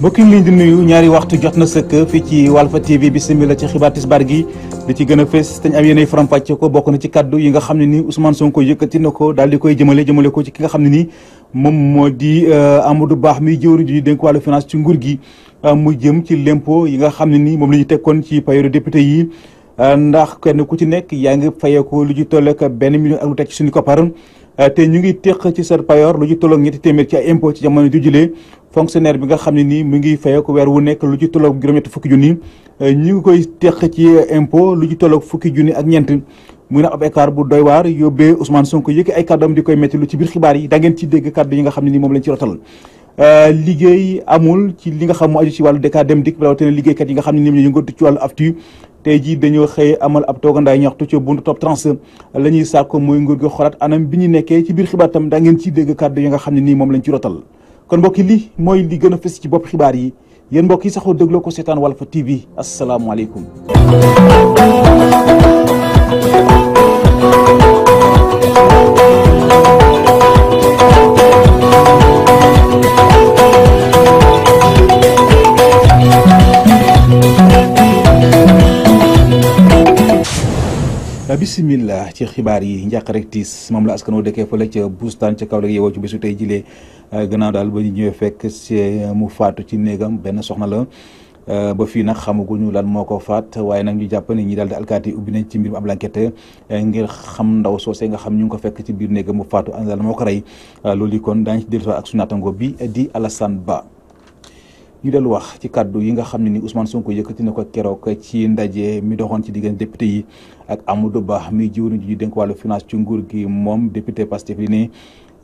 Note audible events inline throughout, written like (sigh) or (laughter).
mbokk yi ñu di nuyu ñaari waxtu jot na sëkk fii ci Walfa TV bisimilah ci xibaar bar gi li ci gën a fës te ñu am yéenay faram-fàcce ko bokk na ci kaddu yi nga xam ne ni Ousmane Sonko yëkkati na ko daal di koy jëmale jëmale ko ci ki nga xam ne ni moom moo di euh, Amadou Ba mi jëwriñ ji dénk wàllu finance ci nguur gi euh, mu jëm ci lempo yi nga xam ne ni moom la ñu tekkoon ci payoru député yi. Euh, ndax kenn ku ci nekk yaa ngi fayeeku lu ci toll ak benn million ak lu teg ci suñu ko par Euh, te ñu ngi teq ci seen payoor lu ci tolloog ñetti téeméer ci ay impôt ci jamono jujulee fonctionnaire bi nga xam ne nii mu ngi fayee ko weer wu nekk lu ci tolloog juróom-ñetti fukki junni euh, ngi koy teq ci euh, impôt lu ci tolloog fukki junni ak ñeent mu na ab écart bu doy waar yóbbee Ousmane Sonko yëkki ay kàddoom di koy métti lu ci biir xibaar yi da ci dégg kàddu yi nga xam ne nii moom lañ ci rotal Euh, liggéey amul ci li nga xam mu aju ci wàllu dëkk dem dikk rawatina liggéeykat yi nga xam ne ñoom ñoo yëngatu ci wàllu aftu tey jii dañoo xëy amal ab toogandaay ñaxtu ci buntu top trans la ñuy sàkko mooy nguur gi xoolaat anam bi ñu nekkee ci biir xibaar tam daa ngeen ciy dégg kàddu yi nga xam ne nii moom lañ ci rotal kon mbokki li mooy li gën a fës ci bopp xibaar yi yéen mbokk yi saxoo dégloo ko seetaan Walf TV asalaamaaleykum Euh, bisimilla ci xibaar yi njàq rek tiis moom la askan wu dëkkee fële ca bustaan ca kaw la yeewoo ci bésu tey jilee euh, gannaaw daal ba ñu ñëwee fekk si euh, mu faatu ci néegam benn soxna la ba fii nag xamaguñu lan moo ko faat waaye nag ñu jàpp ne ñi daal di alkaati ubbi nañ ci mbirum ab lanket ngir xam ndaw soosee nga xam ñu ngi ko fekk ci biir néegam mu faatu an moo ko rey loolu yi kon daañu ci dellusiwaat ak suñu naataango bi di Alassane Ba ñu dellu wax ci kàddu yi nga xam ne ni Ousmane Sonko yëkkati na ko keroog ci ndaje mi doxoon ci diggan député yi ak amul Amadou baax mi jiwriñ ji dénk wàllu finance ci nguur gi moom député Pastef li ni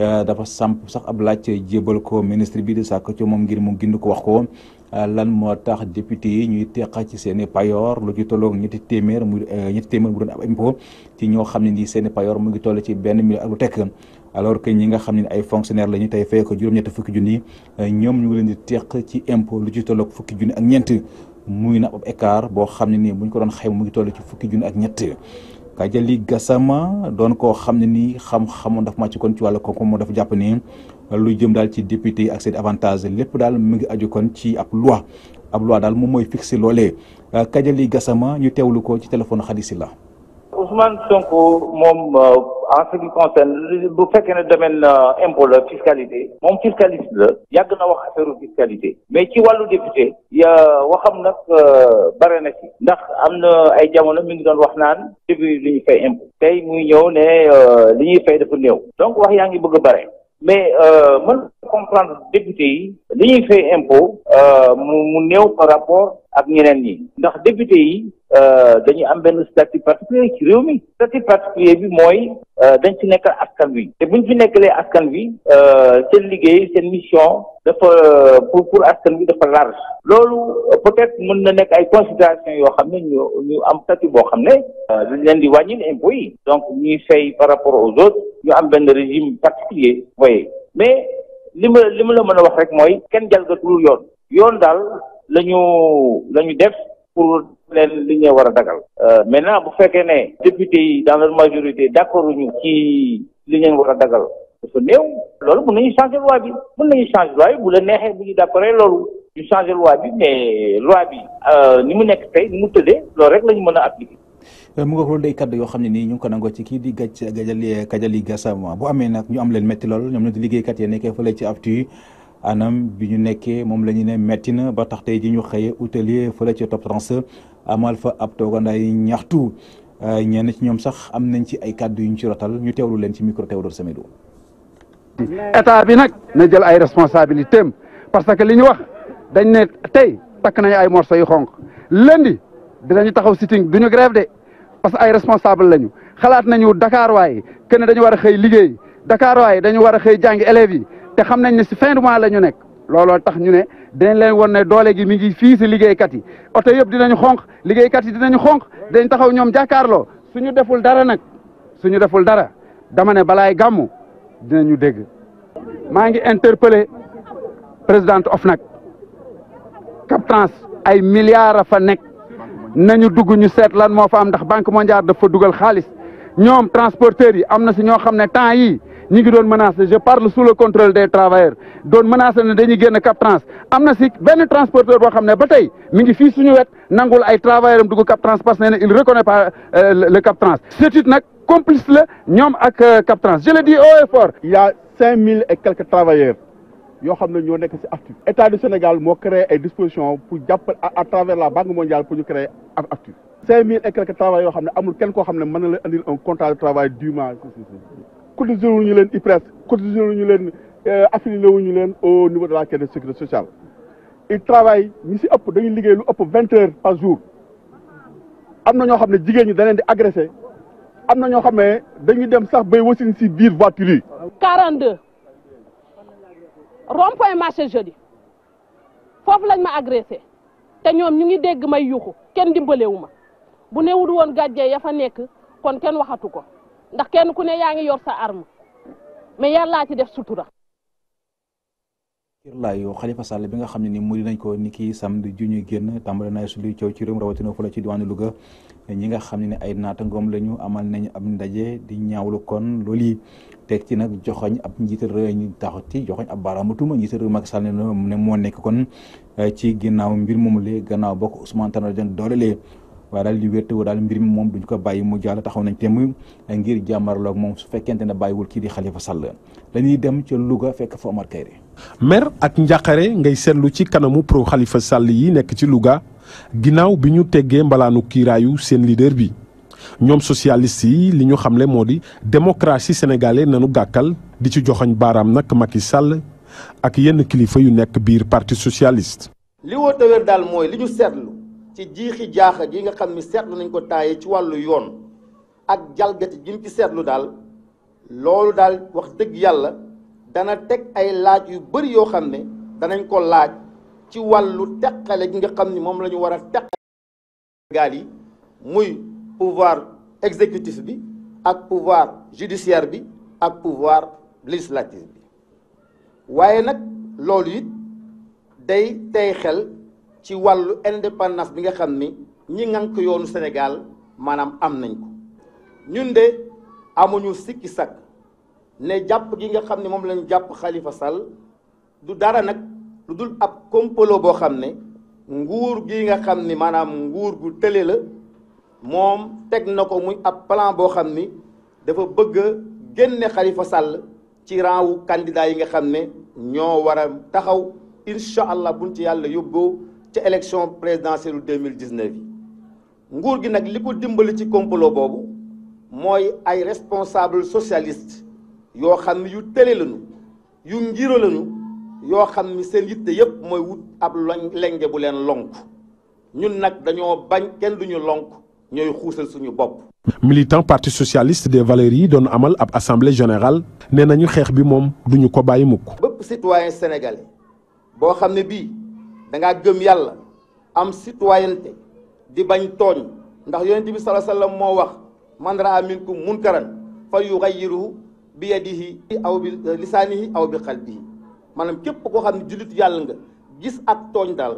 euh, dafa samp sax ab laaj jébal ko ministre bi di sàkk ci moom ngir mu gind ko wax ko euh, lan moo tax député yi ñuy teqa ci seen i payoor lu ci tolloog ñetti téeméer mu euh, téeméer mu doon ab impôt ci ñoo xam ne ni seen i payoor mu ngi toll ci benn mi ak lu tekk alors que ñi nga xam ne ay fonctionnaire lañu tey fay ko juróom-ñetti fukki junni euh, ñoom ñu ngi leen di teq ci impôt lu ci tolloog fukki junni ak ñeent muy na ab boo xam ne nii buñ ko doon xayma mu ngi toll ci fukki junni ak ñett Kajali Gassama doon koo xam ne nii xam-xamoon daf ci kon ci wàllu kooku moo dafa jàpp ni euh, lu jëm daal ci député ak seen avantage lépp daal mu ngi aju kon ci ab loi ab loi daal moom mooy fixé loolee euh, Kajali Gassama ñu teewlu ko ci téléphone xadisi la Ousmane Sonko moom euh, en ce qui concerne bu fekkee ne domaine euh, impôt la fiscalité moom fiscaliste la yàgg na wax affaire fiscalité mais ci wàllu député ya waxam nag euh, bare na ci ndax am na ay jamono mi ngi doon wax naan début li ñuy fay impôt tey muy ñëw ne li ñuy fay dafa néew donc wax yaa ngi bëgg a bare mais mën comprendre député yi li ñuy fay impôt mu mu néew par rapport ak ñeneen yi ndax député yi euh, dañuy am benn statut particulier ci réew mi statut particulier bi mooy euh, dañ ci nekkal askan wi te buñ fi nekkalee askan wi euh, seen liggéey seen mission dafa pour pour askan wi dafa large loolu peut-être mën na nekk ay considération yoo xam ne ñu ñu am statut boo xam ne dañ leen di wàññil impôt yi donc ñuy fay par rapport aux autres ñu am benn régime particulier mooy mais li ma li ma la mën a wax rek mooy kenn jalgatul yoon yoon daal la ñu la ñu def pour leen li ñu war a dagal. Euh, maintenant bu fekkee ne député yi dans leur majorité d' accord ñu ci li ñu war a dagal dafa néew loolu mun nañu changer loi bi mun nañu changer loi bi bu la neexee bu ñu d' accord loolu ñu changer loi bi mais loi bi euh, ni mu nekk tey ni mu tëddee loolu rek la ñu mën a appliquer. Euh, mu nga loolu day kaddu yoo xam ne nii ñu ngi ko ci kii di gàcc Gajali Gajali Gassama bu amee nag ñu am leen métti lool ñoom ñoo di liggéeykat yi nekkee fële ci Aftu anam bi ñu nekkee moom la ñu ne metti na ba tax tey ji ñu xëyee hôtelier fële ca Top 30 amal fa ab toogandaay ñaxtu euh, ñenn ci ñoom sax am nañ ci ay kàddu yu ñu ci rotal ñu teewlu leen ci micro Théodore Semedo. état bi nag na jël ay responsabilités am parce que li ñu wax dañ ne tey takk nañu ay morceaux yu xonq lundi dinañu taxaw sitting ñu grève de parce que ay responsable lañu xalaat nañu Dakar waaye que ne dañu war a xëy liggéey Dakar waaye dañu war a xëy jàngi élèves yi. te xam nañ ne si fin mois la ñu nekk looloo tax ñu ne dañ leen won ne doole gi mi ngi fii si liggéeykat yi oto yëpp dinañ xonq liggéeykat yi dinañ xonq dañ taxaw ñoom jàkkaarloo suñu deful dara nag suñu deful dara dama ne balaay gàmmu dinañu dégg maa ngi interpellé présidente nag Captrans ay milliards a fa nekk nañu dugg ñu seet lan moo fa am ndax banque mondiale dafa dugal xaalis ñoom transporteurs yi am na si ñoo xam ne temps yi ñi ngi doon menacé je parle sous le contrôle des travailleurs doon menacé ne dañuy génn Cap Trans am na si benn transporteur boo xam ne ba tey mi ngi fi suñu wet nangul ay travailleurs am dugg Cap Trans parce que nee na il reconnaît pas euh, le Cap Trans c'est nag complice la ñoom ak euh, Cap Trans je le dis haut et fort. cinq mille et quelques travailleurs yoo xam ne ñoo nekk si AFTU état du Sénégal moo créé ay disposition pour jàppal à travers la banque mondiale pour ñu créer AFTU. cinq mille yoo xam ne amul kenn koo xam ne mën na la indil un contrat de cotiser wu ñu leen IPRES cotiser wu ñu leen euh, affilié wu ñu leen o niveau de la caisse de sécurité sociale ils travaillent ñi si ëpp dañuy liggéey lu ëpp vingt heures par jour am na ñoo xam ne jigéen ñi da di agressé am na ñoo xam ne dañuy dem sax bay wasin si biir voiture yi. 42 rond point marché jeudi foofu lañ ma agressé te ñoom ñu ngi dégg may yuxu kenn dimbalewu ma bu newul woon gàjjee ya fa nekk kon kenn waxatu ko. ndax kenn ku ne yaa ngi yor sa arme mais yàllaa ci def sutura. kirlaayu Khalifa Sall bi nga xam ne ni mu nañ ko ni ki samedi ju ñu génn tàmbali naa su luy coow ci réew rawatina fu la ci diwaanu Louga ñi nga xam ne ne ay naata ngoom ñu amal nañ ab ndaje di ñaawlu kon loolu yi teg ci nag joxoñ ab njiital réew ñu taxati joxoñ ab baaraamu tuuma njiital réew Macky Sall ne moo nekk kon ci ginnaaw mbir moom lee gannaaw bokk Ousmane Tanor Dieng doolelee waaye daal ko bàyyi mu jàll ngir jàmmarloog moom su fekkente ne bàyyiwul kii di Khalifa Sall dañuy dem ca Louga fekk fa Omar Kayre mer ak njàqare ngay seetlu ci kanamu pro xalifa Sall yi nekk ci Louga ginnaaw bi ñu teggee mbalaanu kiiraayu seen leader bi ñoom socialiste yi li ñu xamle moo di démocratie sénégalais nanu gàkkal di ci joxoñ baaraam nag Macky Sall ak yenn kilifa yu nekk biir parti socialiste. ci jiixi jaaxa gi nga xam ni seetlu nañ ko taaye ci wàllu yoon ak jalgati gi ci seetlu daal loolu daal wax dëgg yàlla dana teg ay laaj yu bari yoo xam ne danañ ko laaj ci wàllu teqale gi nga xam ni moom lañu ñu war a teqale yi muy pouvoir exécutif bi ak pouvoir judiciaire bi ak pouvoir législatif bi waaye nag loolu it day tey xel ci wàllu indépendance bi nga xam ni ñi ŋànk yoonu Sénégal maanaam am nañ ko ñun de amuñu sikki sakk ne jàpp gi nga xam ni moom lañu jàpp xalifa Sall du dara nag lu dul ab complot boo xam ne nguur gi nga xam ni maanaam nguur gu tële la moom teg na ko muy ab plan boo xam ni dafa bëgg a génne Khalifa Sall ci rang wu candidat yi nga xam ne ñoo war a taxaw incha allah buñ ci yàlla yóbboo ca élection présidentielle 2019 yi nguur gi nag li ko dimbali ci complot boobu mooy ay responsable socialiste yoo xam ne yu tële lañu yu ngiro lañu yoo xam ni seen yitte yépp mooy wut ab loñ lenge bu leen lonk ñun nag dañoo bañ kenn duñu lonk ñooy xuusal suñu bopp militant parti socialiste des valeurs yi doon amal ab assemblée général nee nañu xeex bi moom duñu ko bàyyi mukk bépp citoyen sénégalais boo xam ne bii danga gëm yàlla am citoyenneté di bañ tooñ ndax yonent bi sallallahu alayhi wasallam moo wax man raa minkum munkaran fa yughayyiruhu bi yadihi aw bi lisaanihi aw bi qalbihi maanaam képp koo xam ne jullit yàlla nga gis ak tooñ daal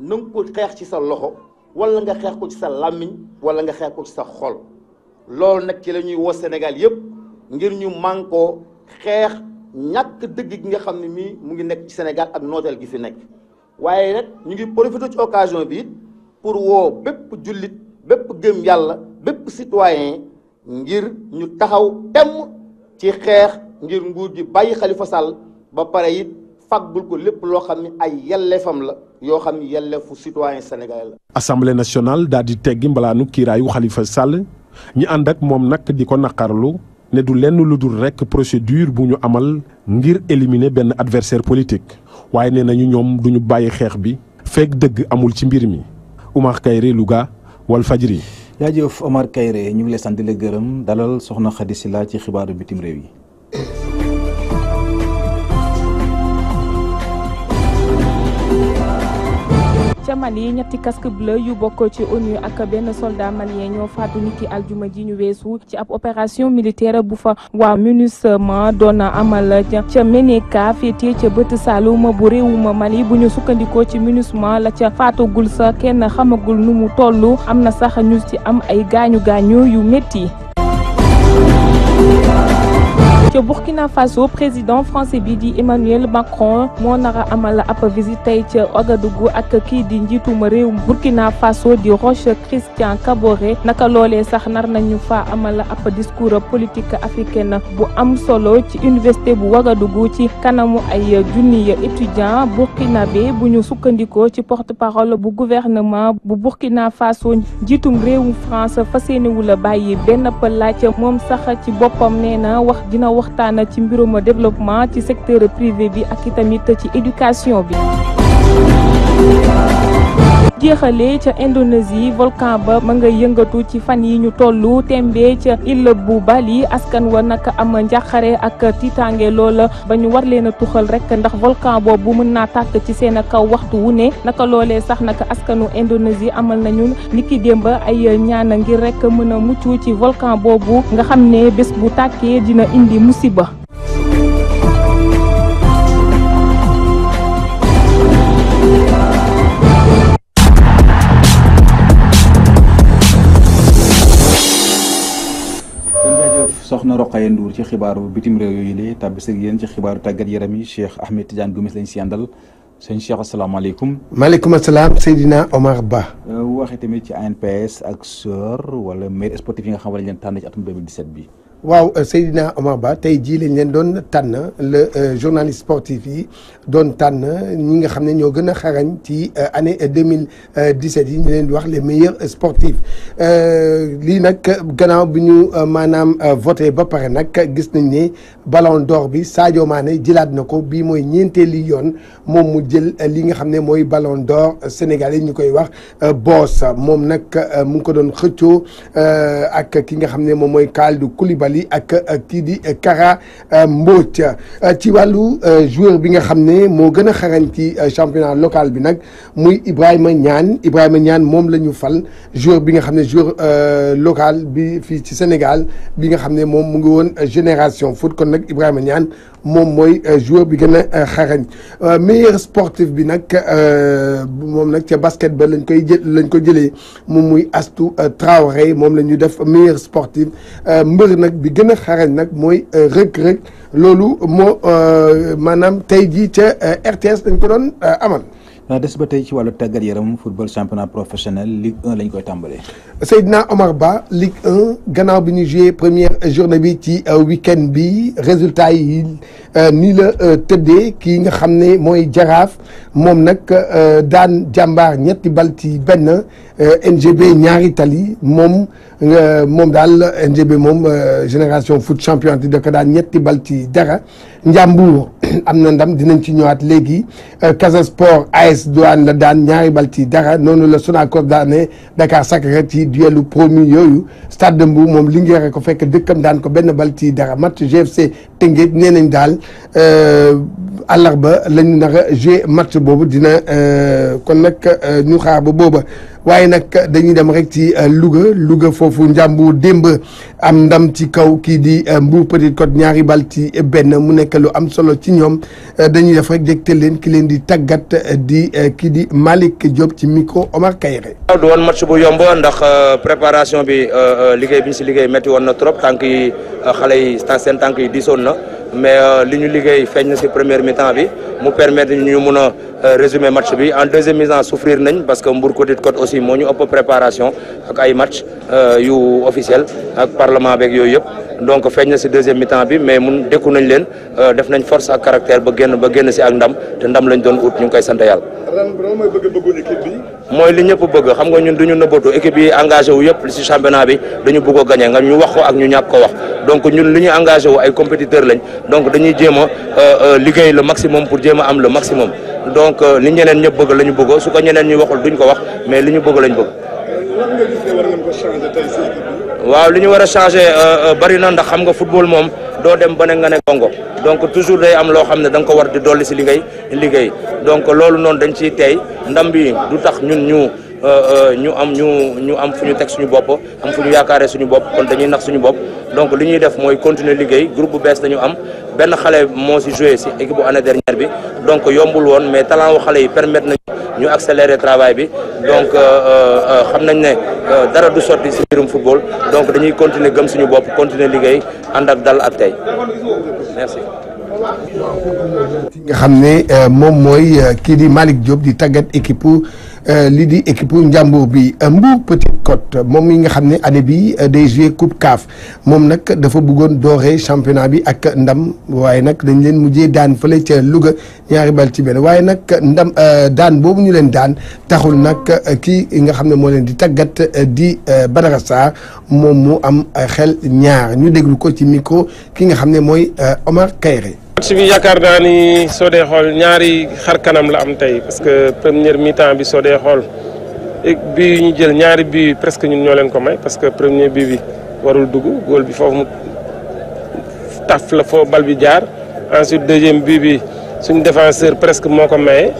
na nga ko xeex ci sa loxo wala nga xeex ko ci sa làmmiñ wala nga xeex ko ci sa xol loolu nag ci lañuy ñuy senegal Sénégal yépp ngir ñu mànkoo xeex ñàkk dëgg gi nga xam ne mii mu ngi nekk ci senegal ak nooteel gi fi nekk waaye nag ñu ngi profité ci occasion bi it pour woo bépp jullit bépp gëm yàlla bépp citoyen ngir ñu taxaw temm ci xeex ngir nguur ji bàyyi xalifa Sall ba pare it faggul ko lépp loo xam ne ay yelleefam la yoo xam ne yelleefu citoyen sénégalais la. assemblée nationale daal di teggi mbalaanu kiiraayu xalifa Sall ñi ànd ak moom nag di ko naqarlu. ne du lenn lu dul rekk procédure bu ñu amal ngir éliminer benn adversaire politique waaye nee nañu ñoom duñu bàyyi xeex bi fekk dëgg amul ci mbir mi Oumar Kayre Louga Walfadjri jaajëf Omar Kayre ñu ngi sant di gërëm dalal soxna Khady Sylla ci xibaaru bitim réew yi ca Mali ñetti casque bleu yu bokk ci ONU ak benn man malien ñoo faatu niki aljuma ji ñu weesu ci ab opération militaire bu fa waa MINUSMA doon amal ca Ménéka féetee ca bët Saloum bu réewum Mali bu ñu sukkandikoo ci MINUSMA la ca faatagul sa kenn xamagul nu mu toll am na sax ñu ci am ay gaañu gaañu yu métti. ca Burkina Faso président français bi di Emmanuel Macron moo nara amal ab visite tey ca Ouagadougou ak kii di njiitum réew Burkina Faso di Roch Christian Kaboré naka loolee sax nar nañu fa amal ab discours politique africaine bu am solo ci université bu Ouagadougou ci kanamu ay junni étudiants burkinabé bu ñu sukkandikoo ci porte-parole bu gouvernement bu Burkina Faso njiitum réewum France fas yéenewul bàyyi benn laaj moom sax ci boppam nee wax dina waxtaan ci mbiruma développement ci secteur privé bi ak i tamit ci éducation bi. jeexalee ca Indonésie volcan ba ma nga yëngatu ci fan yi ñu tollu tembe ca île bu Bali askan wa nag ama njàqare ak tiitaange loola ba ñu war leen a tuxal rek ndax volcan boobu mën naa tàkk ci seen kaw waxtu wu ne naka loolee sax nag askanu Indonésie amal nañu niki démb ay ñaan ngir rek mën a mucc ci volcan boobu nga xam ne bés bu tàkkee dina indi musiba soxna Roqaye Ndour ci xibaaru bitim réew yooyu lee tàbbi sëg yéen ci xibaaru tàggat yaram yi Cheikh Ahmed Tidiane Gomis lañ si àndal sëñ Cheikh asalaamaaleykum. maaleykum asalaam Seydina Omar Ba. Euh, waxee tamit ci ANPS ak SOR wala maire sportif yi nga xam ne leen tànn ci bi. waaw euh, Seydina Omar Ba tey jii lañ leen doon tànn le euh, journaliste sportif yi doon tànn ñi nga xam ne ñoo gën a xarañ ci euh, année 2017 yi ñu leen di wax les meilleurs sportifs lii nag gannaaw bi ñu maanaam voté ba pare nag gis nañ ne ballon d'or bi Sadio Mané jëlaat na ko bii mooy ñeenteeli yoon moom mu jël li nga xam ne mooy ballon d'or sénégalais ñu koy wax Boss moom nag mu ngi ko doon xëccoo ak ki nga xam ne moom mooy Kalidou Koulibaly Koulibaly ak euh, kii di euh, Kara euh, Mbodj ci wàllu joueur bi nga xam ne moo gën a xarañ ci championnat local bi nag muy Ibrahima ñaan Ibrahima Niane moom la ñu fal joueur bi nga xam ne joueur local bi fii ci Sénégal bi nga xam ne moom mu ngi woon génération foot kon nag Ibrahima Niane moom mooy joueur bi gën a xarañ meilleur sportif bi nag moom nag ca basket ba lañ koy lañ ko jëlee moom muy Astou Traoré moom la ñu def meilleur sportif mbër nag bi gën a xarañ nag mooy euh, rëg-rëg loolu moo euh, maanaam tey jii ca euh, RTS dañ ko doon amal Euh, des ba tey ci wàllu tàggat yaram football championnat professionnel Ligue 1 lañ koy tàmbalee. Seydina Omar Ba Ligue 1 gannaaw bi ñu joué première journée bi ci euh, week-end bi résultat yi euh, nii la tëdde kii nga xam ne mooy jaraaf moom nag daan jàmbaar ñetti bal ci benn NGB ñaari tali moom moom daal NGB moom génération foot champion di ko daan ñetti bal ci dara. Njàmbur am na ndam dinañ ci ñëwaat léegi euh, Casa Sport AS Douane la daan ñaari bal ci dara noonu la Sonacos daane Dakar Sacré ci duelu promu yooyu Stade de Mbour moom Linguère ko fekk dëkkam daan ko benn bal ci dara match GFC Tëngéej nee nañ daal euh, àllarba lañu nar a joué match boobu dina euh, kon nag ñu xaar ba booba waaye nag dañuy dem rek ci euh, Louga Louga foofu Njàmbur démb am ndam ci kaw kii di euh, Mbour Petite Côte ñaari bal ci benn mu nekk lu am solo ci ñoom euh, dañuy def rek dégte leen ki leen di tàggat di kii di Malick Diop ci micro Omar Kayre. waaw du woon match bu yomb ndax préparation bi liggéey bi ñu si liggéey métti woon trop tànk yi xale yi seen tànk yi diisoon na. mais euh, li ñu liggéey feeñ na si première mi bi mu permettre ñu mun a euh, résumer match bi en deuxième mi-temps nañ parce que Mbour Petite Côte aussi moo ñu ëpp préparation ak ay match euh, yu officiel ak parlement beeg yooyu yëpp. donc feeñ na si deuxième mi bi mais mun dékku nañ leen euh, def nañ force ak caractère ba génn ba génn si ak ndam te ndam lañ doon ut ñu ngi koy sante yàlla. mooy li ñëpp bëgg xam nga ñun du ñu nëbbatu équipe yi engagé wu yëpp si championnat bi dañu bëgg a nga ñu wax ko ak ñu ñàkk ko wax donc ñun li ñu engagé wu ay compétiteurs lañ donc dañuy jéem a euh, euh, liggéey le maximum pour jéem a am le maximum donc li ñeneen ñëpp bëgg la ñu bëgg su ko ñeneen ñuy waxul duñ ko wax mais li ñu bëgg lañu bëgg. waaw li ñu war a changé euh, euh, bari na ndax xam nga football moom doo dem ba ne nga ne gongo donc toujours day am loo xam ne danga ko war di dolli si li ngay liggéey donc loolu noonu dañ ciy tey ndam bi du tax ñun ñu euh, ñu am ñu ñu am fu ñu teg suñu bopp am fu ñu yaakaaree suñu bopp kon dañuy nax suñu bopp donc li ñuy def mooy continuer liggéey groupe bu bees dañu am benn xale moo si joué si équipe bu année dernière bi donc yombul woon mais talent wu xale yi permettre nañu ñu accélérer travail bi donc euh, euh, euh, xam nañ ne dara du sotti si mbirum football donc dañuy continuer gëm suñu bopp continuer liggéey ànd ak dal ak tey nga xam ne moom mooy kii di Malick Diop di tàggat équipe Euh, lii di équipe njàmbur bi euh, Mbour Petite Côte euh, moom mi nga xam ne année bi day jouer coupe CAF moom nag dafa bëggoon dooree championnat bi ak ndam waaye nag dañ leen mujjee daan fële Louga ñaari bal ci benn waaye nag ndam daan boobu ñu leen daan taxul nag kii nga xam ne moo leen di tàggat di Badara moom mu am xel ñaar ñu déglu ko ci micro ki nga xam ne mooy Omar Kayre match yaakaar naa ni soo dee xool ñaari xar kanam la am tey parce que première mi bi soo dee xool bi ñu jël ñaari bi presque ñun ñoo leen ko may parce que première bi bi warul dugg góol bi foofu mu taf la foo bal bi jaar ensuite deuxième bi bi suñ défenseur presque moo ko maye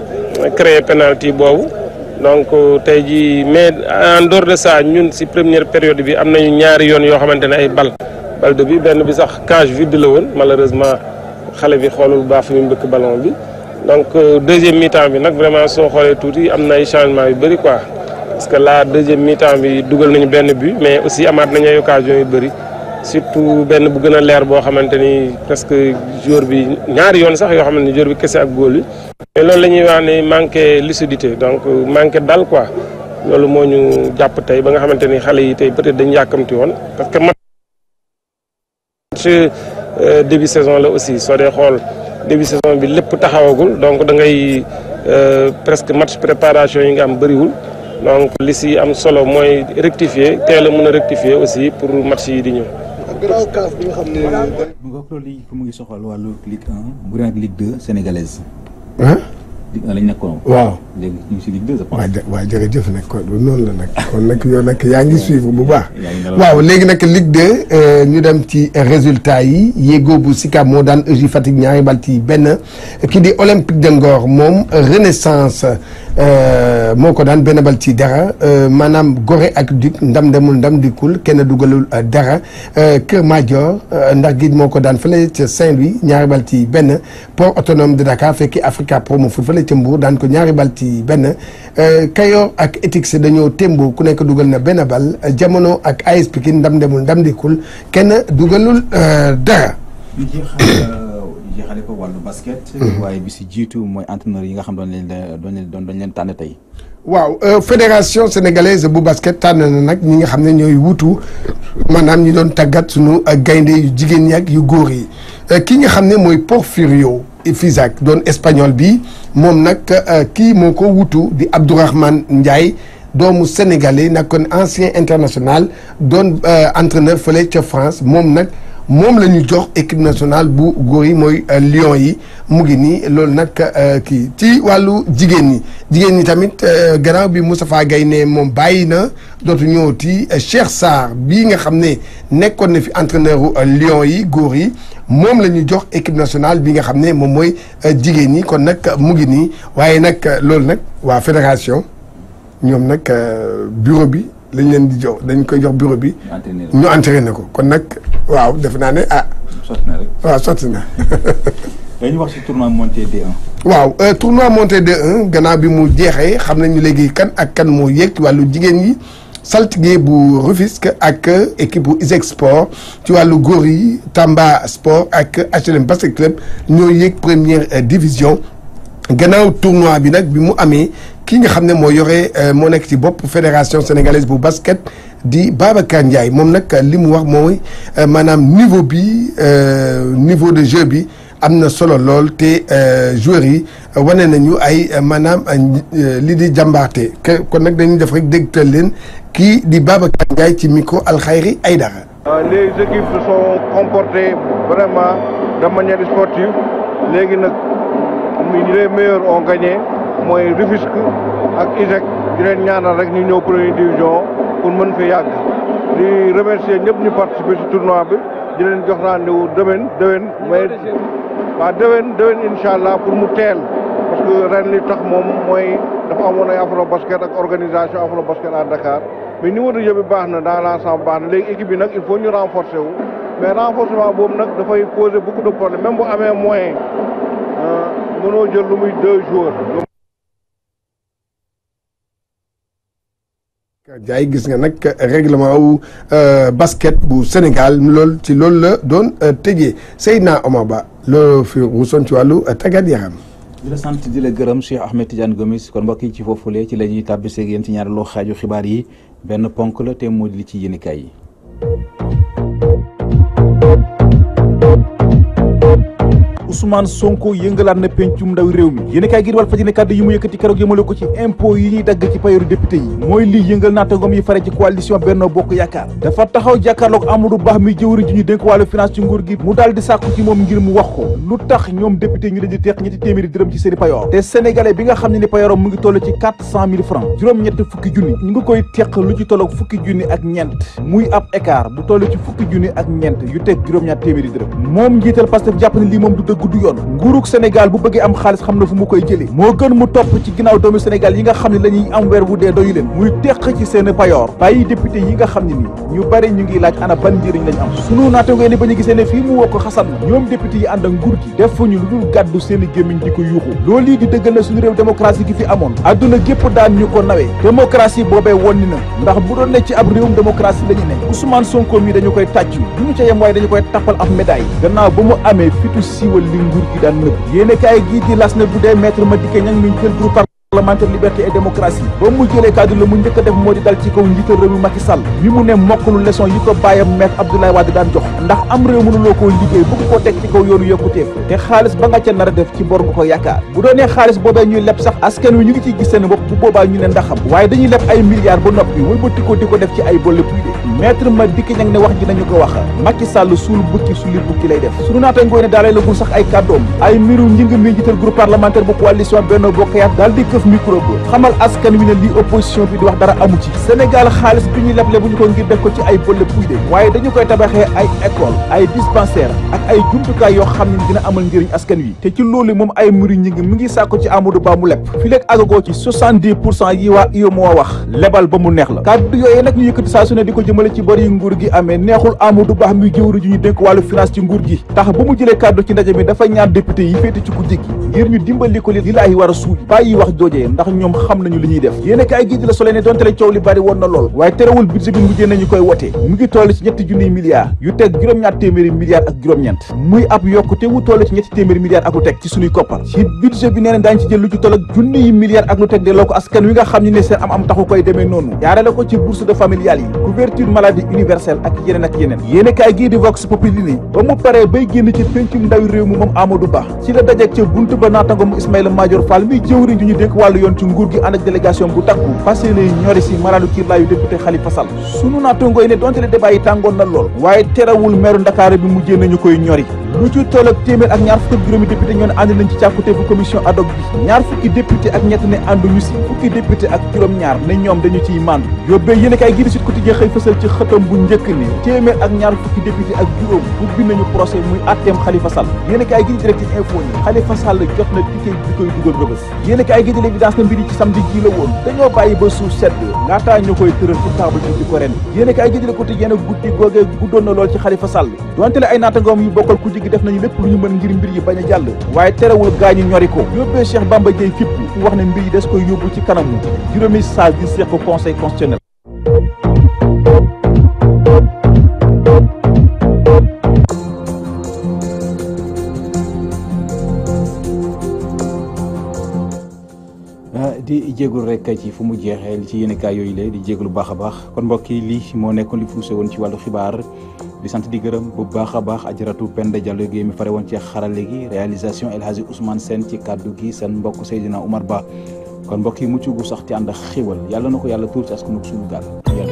créé penalty boobu donc euh, tey jii mais en dehors de ça ñun si première période bi am nañu ñaari yoon yoo xamante ne ay bal bal de bi benn bi sax cage vide la woon malheureusement xale bi xoolul bu baax fi mu dëkk balon bi donc euh, deuxième mi bi nag vraiment soo xoolee tuuti am na ay changement yu bëri quoi parce que la deuxième mi bi dugal nañu benn but mais aussi amaat nañu ay occasion yu bëri surtout benn bu gën a leer boo xamante ni presque jour bi ñaari yoon sax yoo xamante ni jour bi kese ak góol yi mais loolu la ñuy wax ne manqué lucidité donc manqué dal quoi loolu moo ñu jàpp tey ba nga xamante ni xale yi tey peut dañu yàkkamti woon parce que match Euh, début saison la aussi soo dee xool début saison bi lépp taxawagul donc da ngay euh, presque match préparation yi nga am bëriwul donc li si am solo mooy rectifier teel a mën a rectifier aussi pour match yi di ñëw. gannaaw kaaf mu ngi soxal wàllu Ligue 1 bu Ligue 2 sénégalaise. lañ nekkoon. waaw léegi ñu ngi si dig deux je pense. waaw noonu la nag kon nag yow nag yaa ngi suivre bu baax. waaw léegi nag ligue 2 euh, ñu dem ci résultat yi yéego bu Sicap moo daan EJ Fatick ñaari bal ci benn ki di Olympique de Ngor moom Renaissance. Euh, moo ko daan benn bal ci dara euh, maanaam gore ak Duc ndam demul ndam dikkul kenn dugalul euh, dara Kër Madior ndax gi moo ko daan fële ca Saint-Louis ñaari bal ci benn port autonome de Dakar fekki Africa Promo Foot fële ca Mbour daan ko ñaari bal ci benn Kayor ak Etix dañoo témboo ku nekk dugal na benn bal jamono ak AS Pikine ndam demul ndam dikkul kenn dugalul dara. jeexale ko wàllu basket. Mhm. waaye bi si mooy entraîneur yi nga xam doon leen doon doon leen tànn waaw euh, fédération sénégalaise bu basket tànn na nag ñi nga xam ne ñooy wutu maanaam ñi doon tàggat sunu euh, gaynde jigéen ñi ak yu góor yi euh, ki nga xam ne mooy Porfirio Fisac doon espagnol bi moom nag kii moo ko wutu di Abdourahmane Ndiaye. doomu sénégalais nag kon ancien international doon entraîneur fële ca France moom nag. moom la ñu jox équipe nationale bu góor yi mooy euh, Lions yi mu ngi nii loolu nag euh, kii ci wàllu jigéen ñi jigéen ñi tamit euh, gannaaw bi Moustapha Gaye ne moom bàyyi na dootu ti Cheikh saar bii nga xam ne nekkoon na fi entraîneur u Lions yi góor yi moom la ñu jox équipe nationale bi nga xam ne moom mooy jigéen ñi kon nag mu ngi nii waaye nag loolu nag waa fédération ñoom nag bureau bi lañ leen di jox dañ koy jox bureau bi. ñu entraîné ko kon nag waaw defe naa ne ah. sotti na rek waaw sotti na. (laughs) dañu wax ci tournoi monté waaw euh, tournoi monté de 1 gannaaw bi mu jeexee xam nañu léegi kan ak kan moo yéeg ci wàllu jigéen yi saltige bu Rufisque ak équipe bu ISEG sport ci wàllu góor yi Tamba sport ak HLM basket club ñoo yéeg première euh, division. gannaaw tournoi bi nag bi mu amee ki nga xam ne moo yore euh, moo nekk ci bopp fédération sénégalaise bu basket di Babacar Ndiaye moom nag li mu wax mooy euh, maanaam niveau bi euh, niveau de jeu bi am na solo lool te joueurs yi wane nañu ay maanaam li di jàmbaarte kon nag dañuy def rek dégtal leen kii di Babacar Ndiaye ci micro Alkhayri Aïdara. les équipes se sont vraiment de manière sportive léegi mu meilleurs ont gagné mooy Rufisque ak ISEC di leen ñaanal rek ñu ñëw première division pour mën fi yàgg di remercier ñëpp ñu participer ci tournoi bi di jox rendez-vous déwén déwén mais waaw déwén déwén incha allah pour mu teel parce que ren tax moom mooy dafa amoon ay afro basket ak organisation afro basket à Dakar mais niveau de jeu bi baax na dans l'ensemble baax na léegi équipe bi nag il faut ñu renforcer wu mais renforcement boobu nag dafay poser beaucoup de même bu amee moyen mënoo jël gis nga nag réglement wu euh, basket bu Sénégal lool ci loolu la doon euh, tëjee naa Omar Ba loolu fi ruusoon ci wàllu euh, tàggat yaram. di la di la gërëm Cheikh Ahmed Tidiane Gomis kon mbokk yi ci foofulee ci la ñuy tàbbiseeg yéen ci ñaareelu xaaju xibaar yi benn ponk la te moo di li ci yéenekaay yi. Ousmane Sonko yëngalaat na pencum ndaw réew mi yéen a kaay gii Walf yi mu yëkkati keroog yëmale ko ci impôt yi ñuy dagg ci payoru député yi mooy lii yëngal naa tangom yi fare ci coalition Benno Bokk Yaakaar dafa taxaw jàkkaarloog Amadou Ba mi jëwriñ ji dénk wàllu finance ci nguur gi mu daal sàkku ci moom ngir mu wax ko lu tax ñoom député ñu leen di ñetti téeméeri dërëm ci seeni payoor te sénégalais bi nga xam ne ni payooram mu ngi gudd yoon nguurug Sénégal bu bëggee am xaalis xam na fu mu koy jëlee moo gën mu topp ci ginnaaw doomu Sénégal yi nga xam ne la ñuy am weer wu dee doyu leen muy teq ci seen payoor bàyyi député yi nga xam ne nii ñu bari ñu ngi laaj ana ban njëriñ lañ am sunu naatangee ni ba ñu gisee ne fii mu woo xasan na ñoom député yi ànd nguur gi defuñu lu dul gàddu seen gémmiñ di ko yuuxu loolu di dëggal na suñu réew démocratie gi fi amoon adduna gépp daan mi dañu koy koy tappal ab li nguur gi daan nëbb yéen a gii di las ne bu dee maître Madické Niang mi ngi jël groupe parlementaire ba mu kàddu la mu njëkk def moo di dal ci kaw njiital réew mi Macky Sall mu ne mokklu leçon yi ko bàyyam maître Abdoulaye Wade daan jox ndax am réew mënuloo koo liggéey bëgg koo teg ci kaw yoonu yokkuteef te xaalis ba nga ca nar def ci bor nga ko yaakaar bu doonee xaalis boobee ñuy leb sax askan wi ñu ngi ciy gis bopp bu boobaa ñu ne ndaxam waaye dañuy leb ay milliards ba noppi wëlbati di ko def ci ay bolle puudé maître ma dikki ñag ne micro ba xamal askan wi ne lii opposition bi di wax dara amu ci Sénégal xaalis bi ñu leble bu ñu ko ngir def ko ci ay bëlle puy de waaye dañu koy tabaxee ay école ay dispensaire ak ay jumtukaay yoo xam ne dina amal njëriñ askan wi te ci loolu moom ay muri ñi ngi mi ngi sàkku ci Amadou Ba mu leb fi leeg agagoo ci 70 pour wax lebal ba mu neex la kàddu yooyu nag ñu yëkkati saa su ne di ko jëmale ci bari nguur gi amee neexul Amadou Ba mi jëwri ji ñu dénk wàllu gi tax bu mu jëlee kàddu ci ndaje mi dafa ñaan député yi féete ci ku jéggi ngir a wax jooje téye ndax ñoom xam nañu li ñuy def yéen gii di la Soleil ne donte le coow li bari woon na lool waaye terewul budget bi mujjee nañu koy wote mu ngi toll ci ñetti junniy milliards yu teg juróom-ñaar téeméeri milliards ak juróom-ñeent muy ab yokkute wu toll ci ñetti téeméeri milliards ak lu teg ci suñuy ko askan wi nga xam ne ne seen am am taxu koy demee noonu jaarale ko ci bourse de familiale yi couverture maladie universelle ak yeneen ak yeneen yéen wàllu yoon ci nguur gi ànd ak délégation bu takku fas yéene ñori si maraanu kiirlaayu député Khalifa Sall sunu naattango yi ne donte le débat yi tàngoon na lool waaye terewul meeru Ndakaar bi mujjee nañu koy ñori lu ci toll ak ak ñaar fukk juróomi député ñoo ne ànd nañ ci càkkute bu commission ad bi ñaar fukki député ak ñett ne ànduñu si fukki député ak juróom-ñaar ne ñoom dañu ciy mànd yóbbee yéen a kaay gii di Sud Quotidien xëy fësal ci xëtam bu njëkk ne téeméer ak ñaar fukki député ak juróom ubbi nañu procès muy atteem Khalifa Sall yéen a kaay gi di direct info ni Khalifa jot na ticket koy dugal rëbës yéen a kaay gi di na mbir yi ci mujj gi def nañu lépp lu ñu mën ngir mbir yi bañ a jàll waaye terewul gaañu ñori ko yóbbee Cheikh Bamba Dieye fipp wax ne mbir yi des koy yóbbu ci kanamu juróomi saal di seq ko conseil constitutionnel jéegul rek ci fu mu jeexee ci yéen kaay yooyu la di jéeglu baax a baax kon mbokk yi lii moo nekkoon li fuuse woon ci wàllu xibaar di sant di gërëm bu baax a baax ajaratu Penda Diallo Guèye mi fare woon ci xarale gi réalisation El Hadji Ousmane Sène ci kàddu gi seen mbokk Seydina Oumar Ba kon mbokk yi mucc gu sax ci ànd ak xéwal yàlla na ko yàlla tuur ci askanug suñu gaal